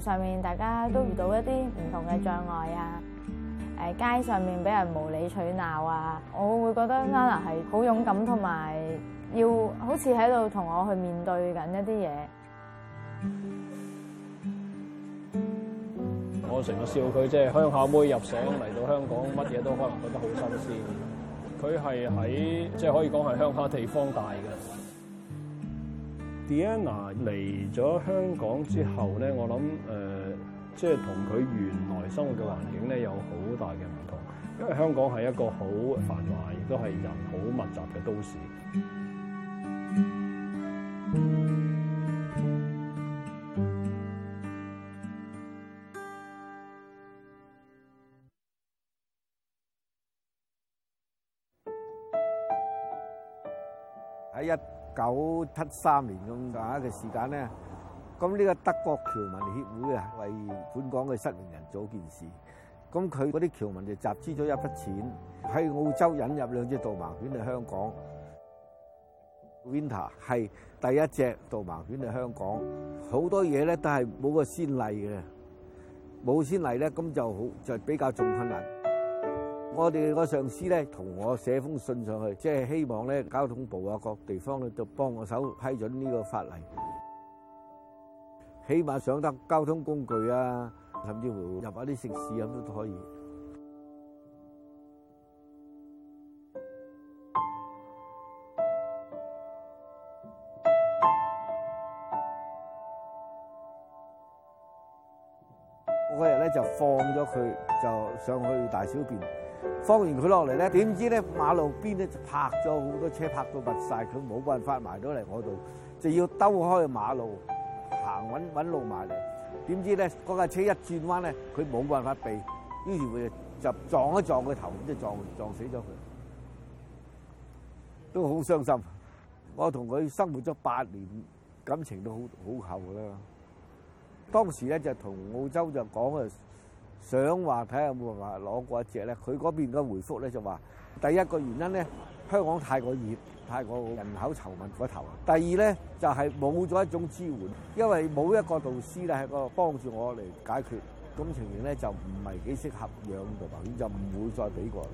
上面大家都遇到一啲唔同嘅障礙啊！誒、啊、街上面俾人無理取鬧啊！我會覺得 Nana 係好勇敢，同埋要好似喺度同我去面對緊一啲嘢。我成日笑佢，即係、就是、鄉下妹入城嚟到香港，乜嘢都可能覺得好新鮮。佢係喺即係可以講係鄉下地方大嘅。Deanna 嚟咗香港之後咧，我諗誒，即係同佢原來生活嘅環境咧有好大嘅唔同，因為香港係一個好繁華，亦都係人好密集嘅都市。九七三年咁大嘅時間咧，咁呢個德國僑民協會啊，為本港嘅失明人做件事，咁佢嗰啲僑民就集資咗一筆錢，喺澳洲引入兩隻導盲犬嚟香港，Winter 係第一隻導盲犬嚟香港，好多嘢咧都係冇個先例嘅，冇先例咧咁就好就比較重困難。我哋個上司咧，同我寫封信上去，即係希望咧交通部啊，各地方咧就幫我手批准呢個法例，起碼上得交通工具啊，甚至乎入啊啲食肆咁都可以。嗰日咧就放咗佢，就上去大小便。放完佢落嚟咧，點知咧馬路邊咧就泊咗好多車泊，泊到密曬，佢冇辦法埋到嚟我度，就要兜開馬路行揾揾路埋嚟。點知咧嗰架車一轉彎咧，佢冇辦法避，於是佢就撞一撞個頭，即撞撞死咗佢，都好傷心。我同佢生活咗八年，感情都好好厚啦。當時咧就同澳洲就講啊。想話睇下有冇人話攞過一隻咧，佢嗰邊嘅回覆咧就話：第一個原因咧，香港太過熱，太過人口稠密嗰頭；第二咧就係冇咗一種支援，因為冇一個導師咧喺嗰度幫住我嚟解決，咁情形咧就唔係幾適合養㗎嘛，就唔會再俾過嚟。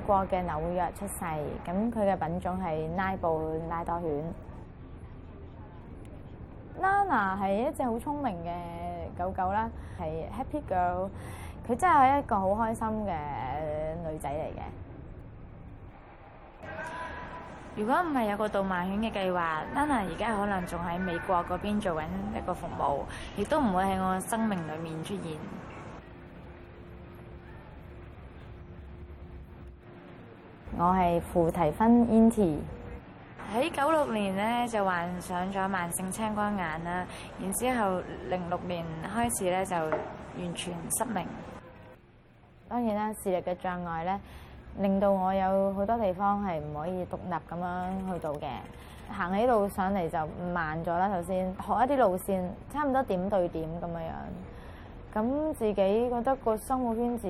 美國嘅紐約出世，咁佢嘅品種係拉布拉多犬。Nana 係一隻好聰明嘅狗狗啦，係 Happy Girl，佢真係一個好開心嘅女仔嚟嘅。如果唔係有個導盲犬嘅計劃，Nana 而家可能仲喺美國嗰邊做緊一個服務，亦都唔會喺我生命裡面出現。我係傅提芬 Yan 喺九六年咧就患上咗慢性青光眼啦，然之後零六年開始咧就完全失明。當然啦，視力嘅障礙咧，令到我有好多地方係唔可以獨立咁樣去到嘅。行起路上嚟就慢咗啦。首先學一啲路線，差唔多點對點咁嘅樣。咁自己覺得個生活圈子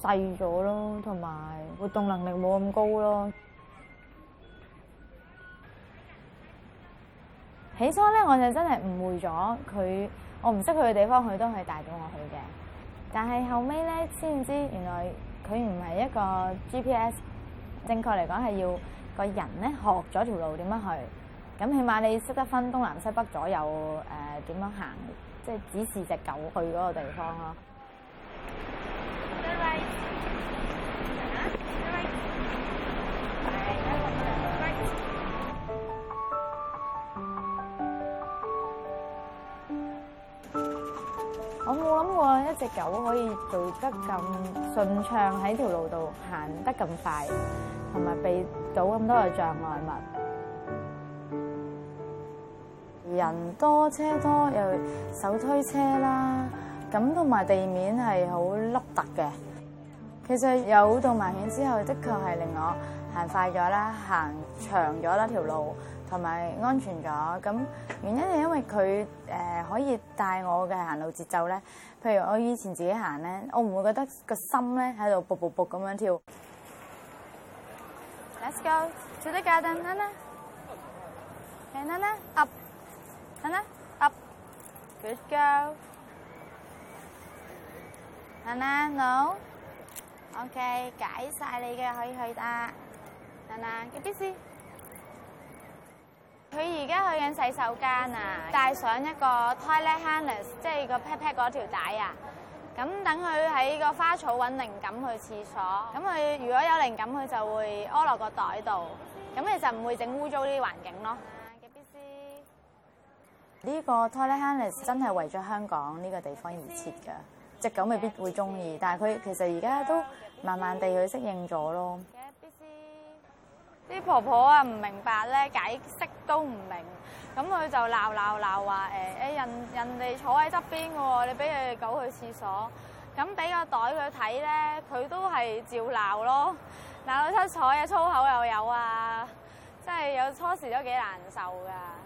細咗咯，同埋活動能力冇咁高咯。 起初咧，我就真係誤會咗佢，我唔識佢嘅地方，佢都係帶咗我去嘅。但係後尾咧，先知，知原來佢唔係一個 GPS。正確嚟講係要個人咧學咗條路點樣去。咁起碼你識得分東南西北左右誒點樣行，即係指示隻狗去嗰個地方咯。我冇諗過一隻狗可以做得咁順暢，喺條路度行得咁快，同埋避到咁多嘅障礙物。人多車多，又手推車啦，咁同埋地面係好凹凸嘅。其實有導盲犬之後，的確係令我行快咗啦，行長咗啦條路，同埋安全咗。咁原因係因為佢誒、呃、可以帶我嘅行路節奏咧。譬如我以前自己行咧，我唔會覺得個心咧喺度卜卜卜咁樣跳。Let's go to the garden，Nana，Hey Nana，Up。得，好，good girl，嗱嗱，好，OK，解曬你嘅可以去得，嗱嗱，get busy，佢而家去緊洗手間啊，帶上一個 toilet harness，即係個 pet pet 嗰條帶啊，咁等佢喺個花草搵靈感去廁所，咁佢如果有靈感，佢就會屙落個袋度，咁你就唔會整污糟啲環境咯。呢個 Toy Handler 真係為咗香港呢個地方而設㗎，隻狗未必會中意，但係佢其實而家都慢慢地去適應咗咯。啲婆婆啊唔明白咧，解釋都唔明，咁佢就鬧鬧鬧話誒，人人哋坐喺側邊嘅喎，你俾佢狗去廁所，咁俾個袋佢睇咧，佢都係照鬧咯，鬧到七彩嘅粗口又有啊，真係有初時都幾難受㗎。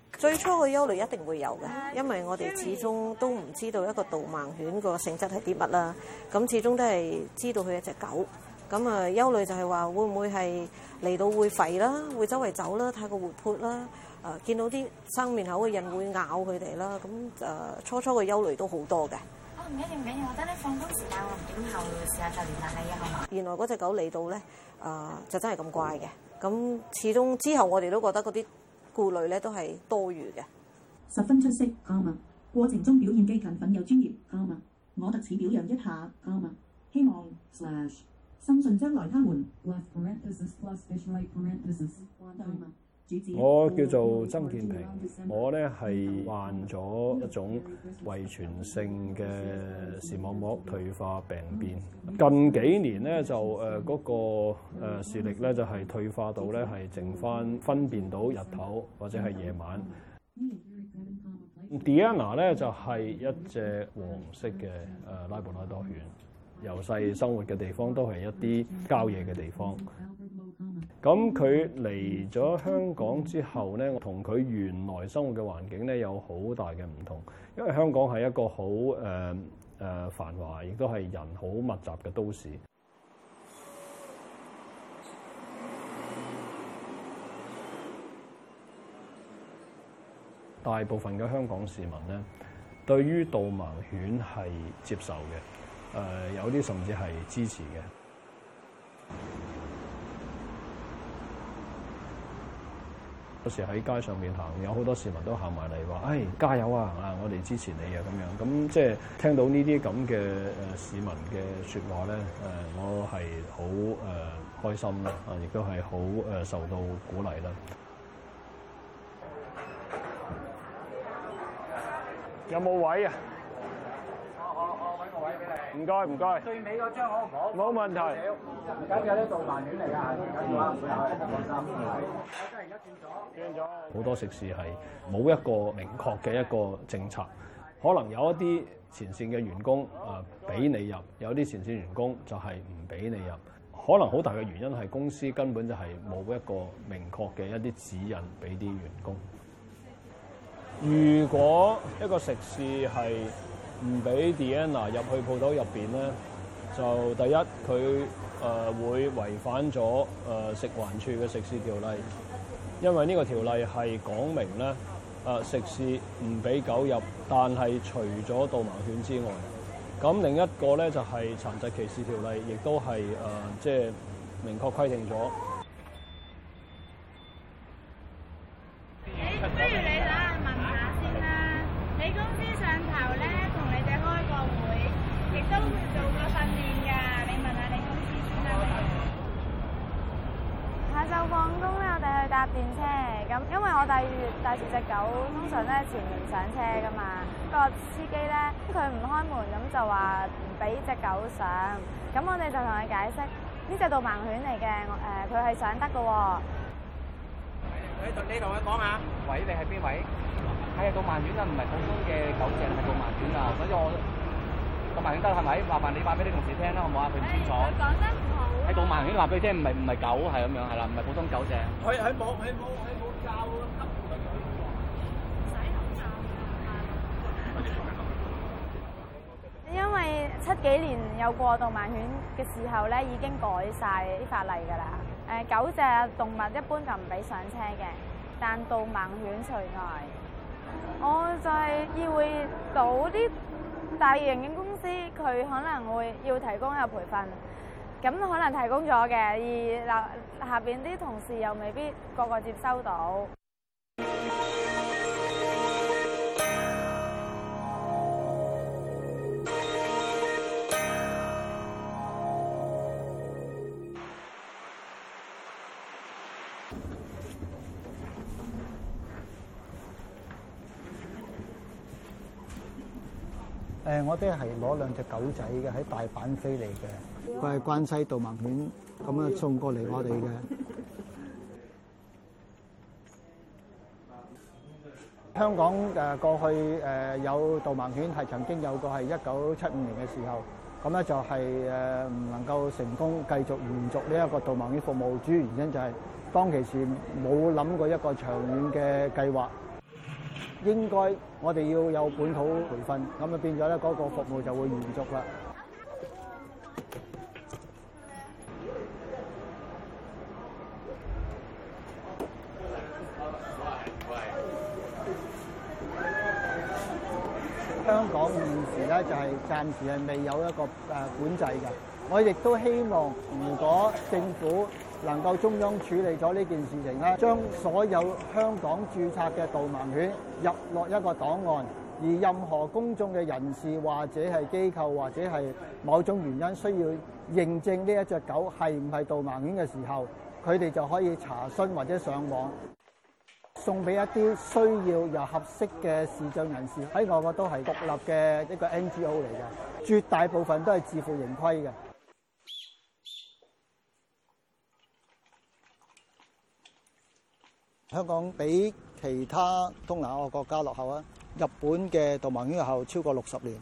最初嘅憂慮一定會有嘅，因為我哋始終都唔知道一個導盲犬個性質係啲乜啦。咁始終都係知道佢一隻狗。咁啊，憂慮就係話會唔會係嚟到會吠啦，會周圍走啦，太過活潑啦。誒、呃，見到啲生面口嘅人會咬佢哋啦。咁、呃、誒，初初嘅憂慮都好多嘅。啊唔一定唔緊要，我等你放工時間，我唔點候試下就聯絡你啊，好嘛？原來嗰隻狗嚟到咧，誒、呃、就真係咁乖嘅。咁始終之後我哋都覺得嗰啲。顧慮咧都係多餘嘅，十分出色。過程中表現既勤奮又專業。我特此表揚一下。希望，相信將來他們我叫做曾建平，我咧係患咗一種遺傳性嘅視網膜退化病變。近幾年咧就誒嗰個誒視力咧就係退化到咧係剩翻分辨到日頭或者係夜晚。Deanna 咧就係一隻黃色嘅誒拉布拉多犬，由細生活嘅地方都係一啲郊野嘅地方。咁佢嚟咗香港之後咧，我同佢原來生活嘅環境咧有好大嘅唔同，因為香港係一個好誒誒繁華，亦都係人好密集嘅都市。大部分嘅香港市民咧，對於導盲犬係接受嘅，誒有啲甚至係支持嘅。不時喺街上面行，有好多市民都行埋嚟話：誒、哎、加油啊！啊，我哋支持你啊！咁樣，咁即係聽到呢啲咁嘅市民嘅說話咧，呃，我係好誒開心啦！啊，亦都係好受到鼓勵啦！有冇位啊？唔該，唔該。對最尾嗰張可唔可？冇問題。而家有呢度版片嚟噶，唔緊要啊。唔好意思，我真係而家轉左。轉左。好多食肆係冇一個明確嘅一個政策，可能有一啲前線嘅員工啊，俾你入，有啲前線員工就係唔俾你入。可能好大嘅原因係公司根本就係冇一個明確嘅一啲指引俾啲員工。如果一個食肆係唔俾 Deanna 入去鋪頭入面咧，就第一佢誒、呃、會違反咗誒、呃、食環處嘅食肆條例，因為呢個條例係講明咧誒、呃、食肆唔俾狗入，但係除咗導盲犬之外，咁另一個咧就係、是、殘疾歧視條例，亦都係誒即係明確規定咗。電車咁，因為我帶住帶住隻狗，通常咧前門上車噶嘛，個司機咧佢唔開門，咁就話唔俾隻狗上。咁我哋就同佢解釋，呢隻導盲犬嚟嘅。誒，佢係上得噶喎。你，你同佢講下，喂，你係邊位？哎呀，導盲犬真唔係普通嘅狗仔，係導盲犬啊，所以我導盲犬得係咪？麻煩你話俾啲同事聽啦，好唔好啊？佢唔清楚。喺導盲犬話俾你聽，唔係唔係狗，係咁樣係啦，唔係普通狗隻。佢，佢冇佢冇，佢冇教啊，唔係狗嘅，唔使教啊。因為七幾年有過導盲犬嘅時候咧，已經改曬啲法例㗎啦。誒，狗隻動物一般就唔俾上車嘅，但導盲犬除外。我就係要會到啲大型嘅公司，佢可能會要提供有培訓。咁可能提供咗嘅，而嗱下邊啲同事又未必個個接收到。誒，我哋係攞兩隻狗仔嘅，喺大阪飛嚟嘅。佢係關西導盲犬，咁樣送過嚟我哋嘅。香港誒、呃、過去誒、呃、有導盲犬，係曾經有過係一九七五年嘅時候，咁咧就係誒唔能夠成功繼續延續呢一個導盲犬服務主，主要原因就係、是、當其時冇諗過一個長遠嘅計劃。應該我哋要有本土培訓，咁啊變咗咧，嗰個服務就會延續啦。 香港現時咧就係暫時係未有一個誒管制嘅，我亦都希望如果政府，能夠中央處理咗呢件事情啦，將所有香港註冊嘅導盲犬入落一個檔案，而任何公眾嘅人士或者係機構或者係某種原因需要認證呢一隻狗係唔係導盲犬嘅時候，佢哋就可以查詢或者上網送俾一啲需要又合適嘅視障人士。喺外國都係獨立嘅一個 NGO 嚟嘅，絕大部分都係自負盈虧嘅。香港比其他東南亞國家落後啊！日本嘅導盲犬學校超過六十年，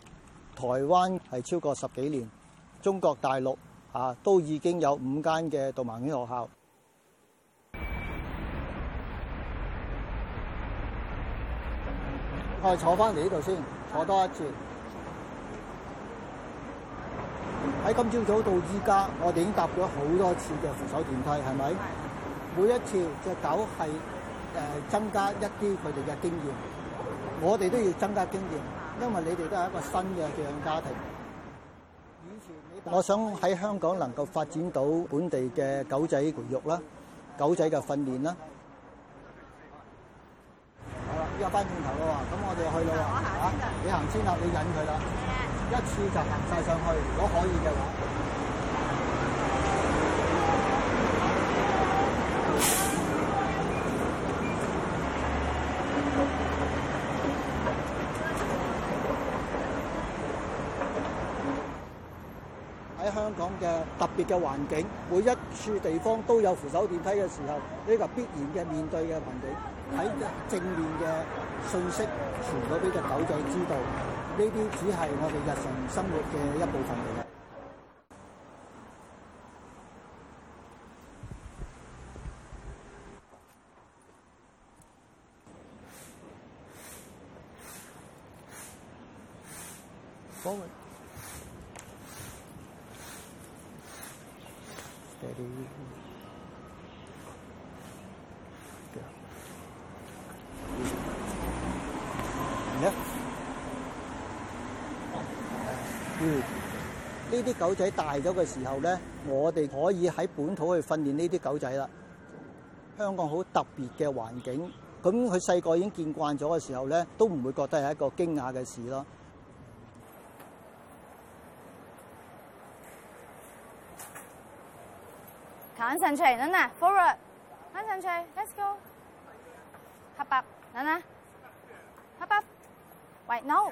台灣係超過十幾年，中國大陸啊都已經有五間嘅導盲犬學校。我坐翻嚟呢度先，坐多一次。喺、嗯、今朝早到依家，我哋已經搭咗好多次嘅扶手電梯，係咪？每一次隻狗係。誒增加一啲佢哋嘅經驗，我哋都要增加經驗，因為你哋都係一個新嘅寄養家庭。以前你，我想喺香港能夠發展到本地嘅狗仔培育啦，狗仔嘅訓練啦。好啦，依家翻轉頭啦喎，咁我哋去到啦，嚇，你行先啦，你引佢啦，一次就行曬上去，如果可以嘅話。嘅特別嘅環境，每一處地方都有扶手電梯嘅時候，呢個必然嘅面對嘅環境，喺正面嘅信息傳到畀隻狗仔知道，呢啲只係我哋日常生活嘅一部分嚟。嗯，呢啲狗仔大咗嘅時候咧，我哋可以喺本土去訓練呢啲狗仔啦。香港好特別嘅環境，咁佢細個已經見慣咗嘅時候咧，都唔會覺得係一個驚訝嘅事咯。趕神車，奶奶，forward，趕神車，let's go，hop up，奶奶 h o 喂，no。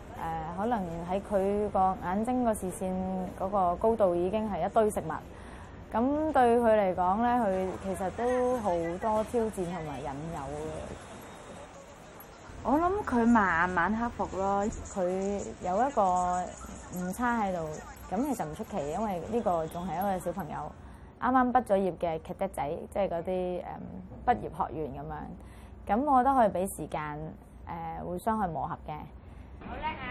誒可能喺佢個眼睛個視線個高度已經係一堆食物，咁對佢嚟講咧，佢其實都好多挑戰同埋引誘嘅。我諗佢慢慢克服咯，佢有一個誤差喺度，咁其實唔出奇，因為呢個仲係一個小朋友啱啱畢咗業嘅劇得仔，即係啲誒畢業學員咁樣，咁我都可以俾時間誒、呃、互相去磨合嘅。好叻啊！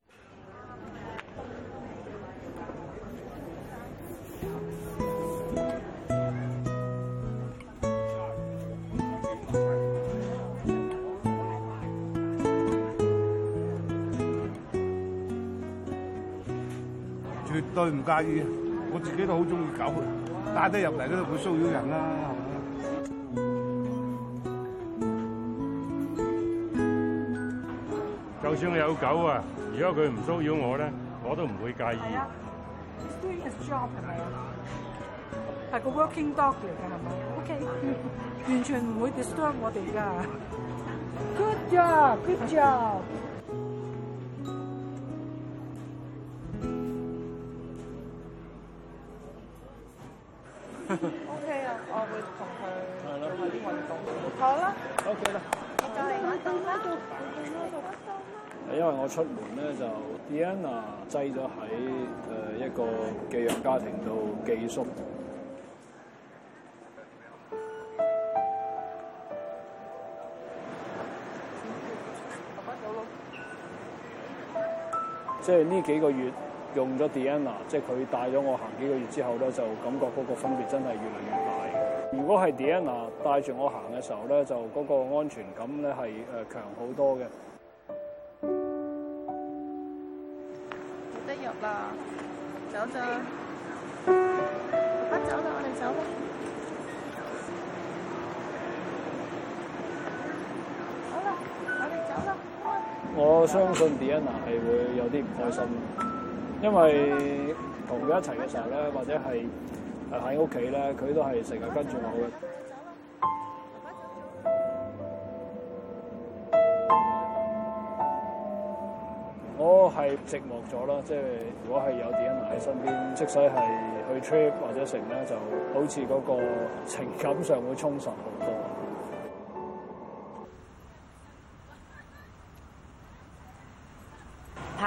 唔介意，我自己都好中意狗，帶得入嚟都唔會騷擾人啦，係嘛？就算有狗啊，如果佢唔騷擾我咧，我都唔會介意。係啊，do his job 係咪啊？係個 working dog 嚟嘅係咪？OK，完全唔會 disturb 我哋㗎。Good job，good job。O K 啊，我會同佢做下啲運動，好啦，O K 啦。因為我出門咧，就 Deanna 擠咗喺誒一個寄養家庭度寄宿。即係呢幾個月。用咗 Deanna，即係佢帶咗我行幾個月之後咧，就感覺嗰個分別真係越嚟越大。如果係 Deanna 帶住我行嘅時候咧，就嗰個安全感咧係誒強好多嘅。得入啦，走咗，唔該走咗，我哋走啦。好啦，我哋走啦。我相信 Deanna 係會有啲唔開心。因為同佢一齊嘅時候咧，或者係誒喺屋企咧，佢都係成日跟住我嘅。我係寂寞咗啦，即係如果係有啲人喺身邊，即使係去 trip 或者成咧，就好似個情感上會充實好多。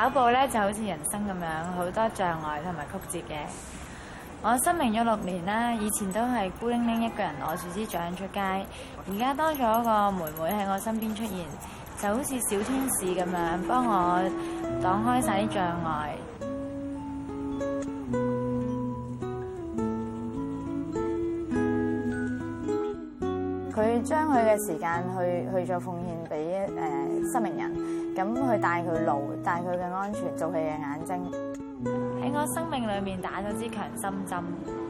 跑步咧就好似人生咁樣，好多障礙同埋曲折嘅。我失明咗六年啦，以前都係孤零零一個人攞住支杖出街，而家多咗個妹妹喺我身邊出現，就好似小天使咁樣幫我擋開晒啲障礙。將佢嘅時間去去做奉獻俾，呃，失明人，咁去帶佢路，帶佢嘅安全，做佢嘅眼睛，喺我生命裏面打咗支強心針。